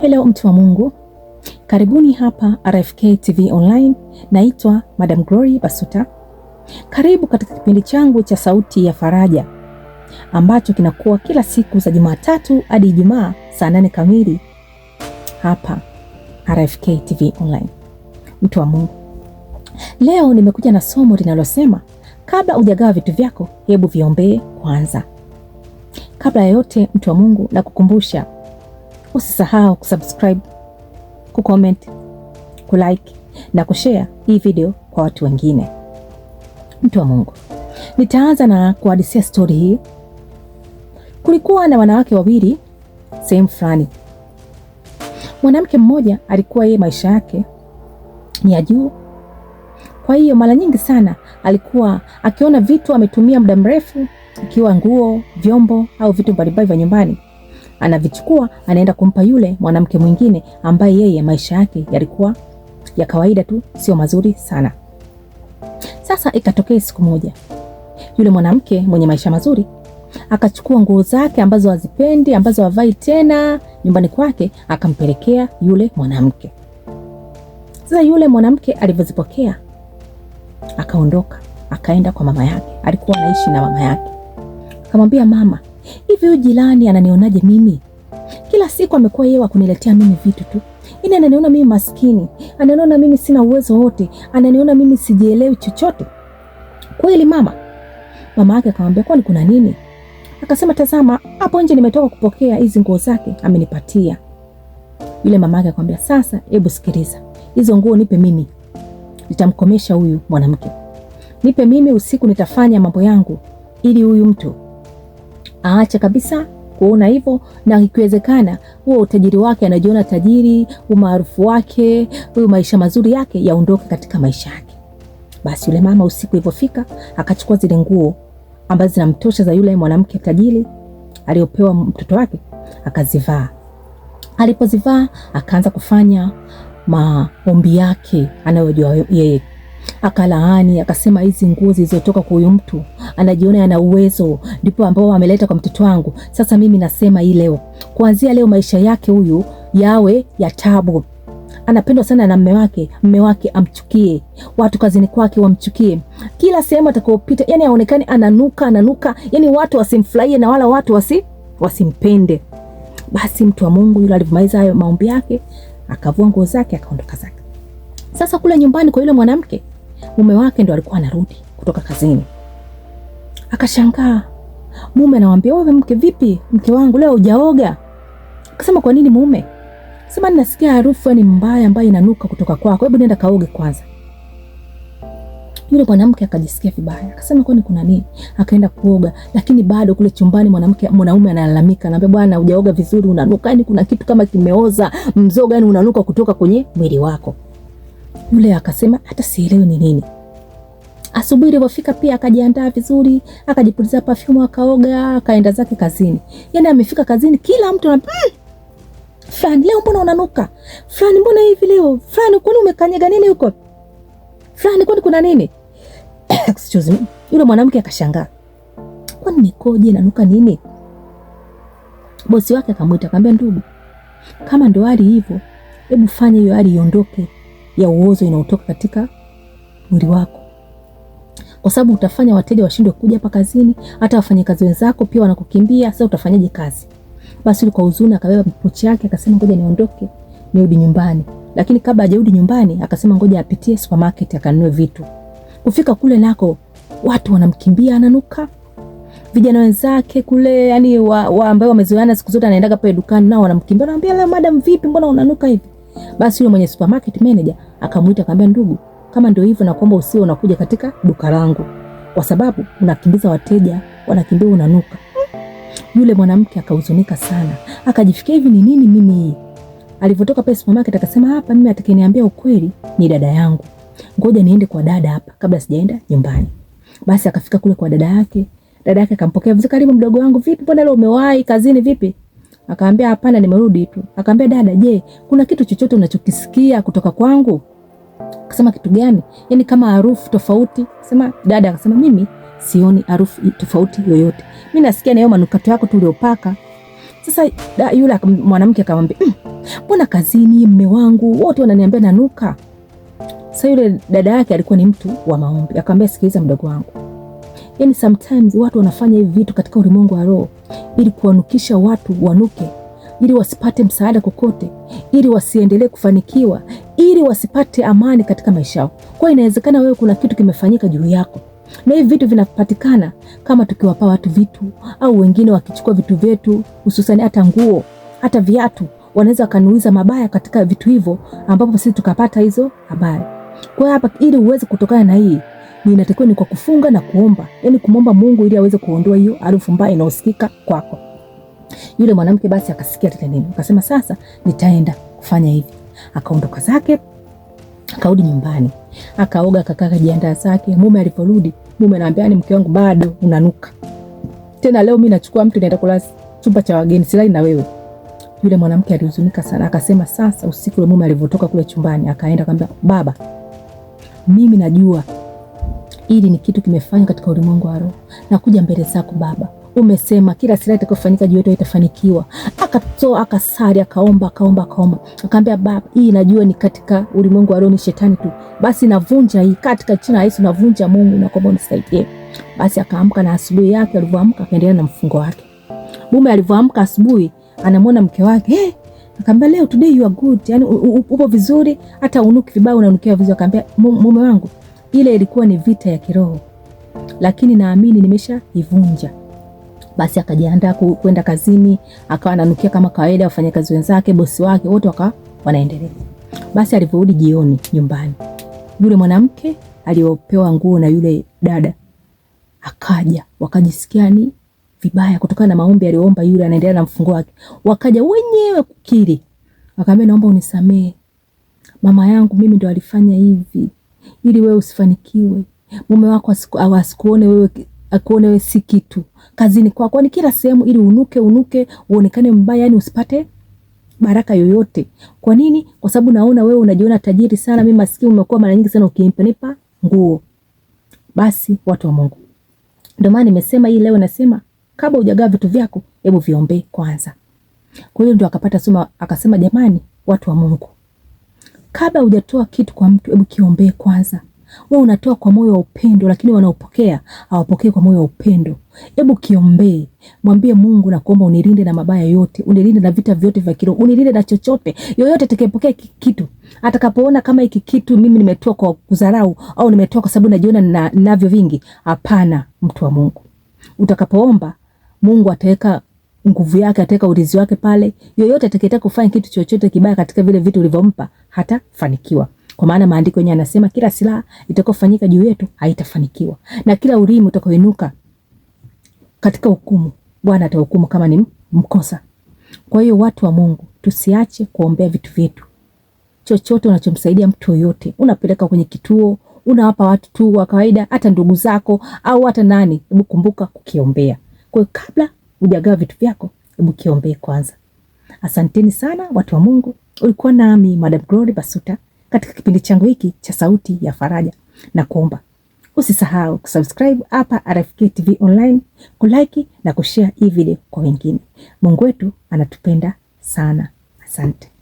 Hello mtu wa Mungu, karibuni hapa RFK TV Online. Naitwa Madam Glory Basuta. Karibu katika kipindi changu cha Sauti ya Faraja ambacho kinakuwa kila siku za Jumatatu hadi Ijumaa saa nane kamili hapa RFK TV Online. Mtu wa Mungu, leo nimekuja na somo linalosema kabla hujagawa vitu vyako, hebu viombee kwanza. Kabla ya yote, mtu wa Mungu, na kukumbusha Usisahau kusubscribe, kucomment, kulike na kushare hii video kwa watu wengine. Mtu wa Mungu, nitaanza na kuhadisia stori hii. Kulikuwa na wanawake wawili sehemu fulani. Mwanamke mmoja alikuwa yeye maisha yake ni ya juu, kwa hiyo mara nyingi sana alikuwa akiona vitu ametumia muda mrefu, ikiwa nguo, vyombo au vitu mbalimbali vya nyumbani anavichukua anaenda kumpa yule mwanamke mwingine ambaye yeye maisha yake yalikuwa ya kawaida tu, sio mazuri sana. Sasa ikatokea siku moja yule mwanamke mwenye maisha mazuri akachukua nguo zake ambazo hazipendi ambazo havai tena nyumbani kwake akampelekea yule mwanamke. Sasa yule mwanamke alivyozipokea akaondoka, akaenda kwa mama yake. Alikuwa anaishi na mama yake, akamwambia mama, hivi huyu jirani ananionaje mimi? Kila siku amekuwa yeye wa kuniletea mimi vitu tu, ina yaani ananiona mimi maskini, ananiona mimi sina uwezo wote, ananiona mimi sijielewi chochote. Kweli mama? Mama yake akamwambia kwani kuna nini? Akasema tazama, hapo nje nimetoka kupokea hizi nguo zake amenipatia. Yule mama yake akamwambia sasa, hebu sikiliza, hizo nguo nipe mimi, nitamkomesha huyu mwanamke, nipe mimi, usiku nitafanya mambo yangu ili huyu mtu aacha kabisa kuona hivyo, na ikiwezekana huo utajiri wake, anajiona tajiri, umaarufu wake, huyo maisha mazuri yake yaondoke katika maisha yake. Basi yule mama usiku ilivyofika, akachukua zile nguo ambazo zinamtosha za yule mwanamke tajiri aliyopewa mtoto wake, akazivaa. Alipozivaa akaanza kufanya maombi yake anayojua yeye Akalaani akasema, hizi nguo zilizotoka kwa huyu mtu anajiona ana uwezo, ndipo ambao ameleta kwa mtoto wangu. Sasa mimi nasema hii leo, kuanzia leo maisha yake huyu yawe ya tabu. Anapendwa sana na mme wake, mme wake amchukie, watu kazini kwake wamchukie, kila sehemu atakayopita, yani aonekane ananuka, ananuka, yani watu wasimfurahie na wala watu wasi wasimpende. Basi mtu wa Mungu yule alivyomaliza hayo maombi yake, akavua nguo zake, akaondoka zake. Sasa kule nyumbani kwa yule mwanamke, mume wake ndo alikuwa anarudi kutoka kazini, akashangaa. Mume anamwambia wewe, mke, vipi mke wangu, leo hujaoga? Akasema kwa nini mume? Sema ninasikia harufu ni yaani mbaya ambayo inanuka kutoka kwako, hebu nenda kaoge kwanza. Yule mwanamke akajisikia vibaya, akasema kwani kuna nini? Akaenda kuoga, lakini bado kule chumbani mwanamke mwanaume analalamika, anambia bwana, hujaoga vizuri, unanuka, yani kuna kitu kama kimeoza mzoga, yani unanuka kutoka kwenye mwili wako. Yule akasema hata sielewi ni nini. Asubuhi ilipofika pia akajiandaa vizuri, akajipuliza perfume, akaoga, akaenda zake kazini. Yaani amefika kazini kila mtu anap hmm! Fulani leo mbona unanuka? Fulani mbona hivi leo? Fulani kwani umekanyaga nini huko? Fulani kwani kuna nini? Excuse me. Yule mwanamke akashangaa. Kwani nikoje nanuka nini? Bosi wake akamwita akamwambia, ndugu, kama ndo hali hivyo, hebu fanye hiyo hali iondoke ya uozo inayotoka katika mwili wako, kwa sababu utafanya wateja washindwe kuja hapa kazini, hata wafanyakazi wenzako pia wanakukimbia. Sasa utafanyaje kazi? Basi kwa huzuni akabeba pochi yake akasema, ngoja niondoke nirudi nyumbani. Lakini kabla hajarudi nyumbani, akasema ngoja apitie supermarket akanunue vitu. Kufika kule nako watu wanamkimbia, ananuka vijana wenzake kule, yani wa, wa ambao wamezoeana siku zote, anaendaga pale dukani nao wanamkimbia, anamwambia leo madam, vipi, mbona unanuka hivi? Basi yule mwenye supermarket manager Akamwita akamwambia, ndugu, kama ndio hivyo, nakuomba usiwe unakuja katika duka langu, kwa sababu unakimbiza wateja, wanakimbia unanuka. Yule mwanamke akahuzunika sana, akajifikia hivi ni nini mimi hii? Alivyotoka pale supermarket akasema, hapa mimi atakayeniambia ukweli ni dada yangu, ngoja niende kwa dada hapa kabla sijaenda nyumbani. Basi akafika kule kwa dada yake, dada yake akampokea vizuri, karibu mdogo wangu, vipi, mbona leo umewahi kazini, vipi? Akaambia hapana, nimerudi tu. Akaambia dada, je, kuna kitu chochote unachokisikia kutoka kwangu? Akasema kitu gani? Yaani kama harufu tofauti. Sema dada, akasema mimi sioni harufu tofauti yoyote, mimi nasikia na hiyo manukato yako tu uliopaka. Sasa da, yule mwanamke akamwambia mm, mbona mm, kazini mme wangu wote wananiambia nanuka. Sasa yule dada yake alikuwa ni mtu wa maombi, akamwambia sikiliza, mdogo wangu Yani sometimes watu wanafanya hivi vitu katika ulimwengu wa roho ili kuwanukisha watu wanuke, ili wasipate msaada kokote, ili wasiendelee kufanikiwa, ili wasipate amani katika maisha yao. Kwa inawezekana wewe, kuna kitu kimefanyika juu yako na hivi vitu vinapatikana kama tukiwapa watu vitu au wengine wakichukua vitu vyetu, hususani hata nguo, hata viatu, wanaweza wakanuiza mabaya katika vitu hivyo, ambapo sisi tukapata hizo habari. Kwa hiyo hapa, ili uweze kutokana na hii ni inatakiwa ni kwa kufunga na kuomba, yani kumomba Mungu ili aweze kuondoa hiyo harufu mbaya inayosikika kwako. Yule mwanamke basi akasikia lile neno, akasema sasa nitaenda kufanya hivi. Akaondoka zake akarudi nyumbani, akaoga, akakaa, kajiandaa zake. Mume aliporudi, mume anaambia ni yaani mke wangu, bado unanuka tena. Leo mimi nachukua mtu naenda kula chumba cha wageni, silali na wewe. Yule mwanamke alihuzunika sana, akasema sasa. Usiku ule mume alivyotoka kule chumbani, akaenda akamwambia, baba, mimi najua ili ni kitu kimefanywa katika ulimwengu wa roho. Nakuja mbele zako Baba, umesema kila silaha itakayofanyika juu yetu itafanikiwa. Akatoa akasali, akaomba, akaomba, akaomba, akaambia Baba, hii najua ni katika ulimwengu wa roho, ni shetani tu, basi navunja hii katika jina la Yesu, navunja Mungu, na nakuomba unisaidie. Basi akaamka, na asubuhi yake alivyoamka akaendelea na mfungo wake. Mume alivyoamka asubuhi, anamwona mke wake hey! Eh! Akaambia leo today you are good, yani upo vizuri, hata unuki vibaya, unanukia vizuri. Akaambia mume wangu ile ilikuwa ni vita ya kiroho, lakini naamini nimeshaivunja. Basi akajiandaa kwenda kazini, akawa ananukia kama kawaida, wafanyakazi wenzake, bosi wake, wote wakawa wanaendelea. Basi alivyorudi jioni nyumbani, yule mwanamke aliyopewa nguo na yule dada akaja, wakajisikia ni vibaya kutokana na maombi aliyoomba yule, anaendelea na mfungo wake. Wakaja wenyewe kukiri, wakaambia, naomba unisamee mama yangu, mimi ndo alifanya hivi ili wewe usifanikiwe, mume wako asikuone wewe, akuone wewe si kitu, kazini kwako ni kila sehemu, ili unuke unuke, uonekane mbaya, yani usipate baraka yoyote. Kwa nini? Kwa sababu naona wewe unajiona tajiri sana, mimi maskini. Umekuwa mara nyingi sana ukinipa nguo. Basi watu wa Mungu, ndio maana nimesema hii leo, nasema kabla hujagawa vitu vyako, hebu viombe kwanza. Kwa hiyo ndio akapata soma, akasema jamani, watu wa Mungu, kabla hujatoa kitu kwa mtu, hebu kiombee kwanza. Wewe unatoa kwa moyo wa upendo, lakini wanaopokea hawapokee kwa moyo wa upendo. Hebu kiombee, mwambie Mungu, nakuomba unilinde na mabaya yote, unilinde na vita vyote vya kiroho, unilinde na chochote yoyote atakayepokea kitu, atakapoona kama hiki kitu mimi nimetoa kwa kudharau au nimetoa kwa sababu najiona ninavyo vingi. Hapana, mtu wa Mungu, utakapoomba Mungu ataweka nguvu yake, ataweka ulinzi wake pale. Yoyote atakayetaka kufanya kitu chochote kibaya katika vile vitu ulivyompa hatafanikiwa, kwa maana maandiko yenyewe yanasema kila silaha itakayofanyika juu yetu haitafanikiwa, na kila ulimi utakaoinuka katika hukumu, Bwana atahukumu kama ni mkosa. Kwa hiyo watu wa Mungu, tusiache kuombea vitu vyetu. Chochote unachomsaidia mtu yoyote, unapeleka kwenye kituo, unawapa watu tu wa kawaida, hata ndugu zako au hata nani, hebu kumbuka kukiombea. Kwa hiyo kabla ujagawa vitu vyako, hebu kiombee kwanza. Asanteni sana watu wa Mungu. Ulikuwa nami Madam Glory Basuta katika kipindi changu hiki cha Sauti ya Faraja, na kuomba usisahau kusubscribe hapa RFK TV Online, kulike na kushare hii video kwa wengine. Mungu wetu anatupenda sana. Asante.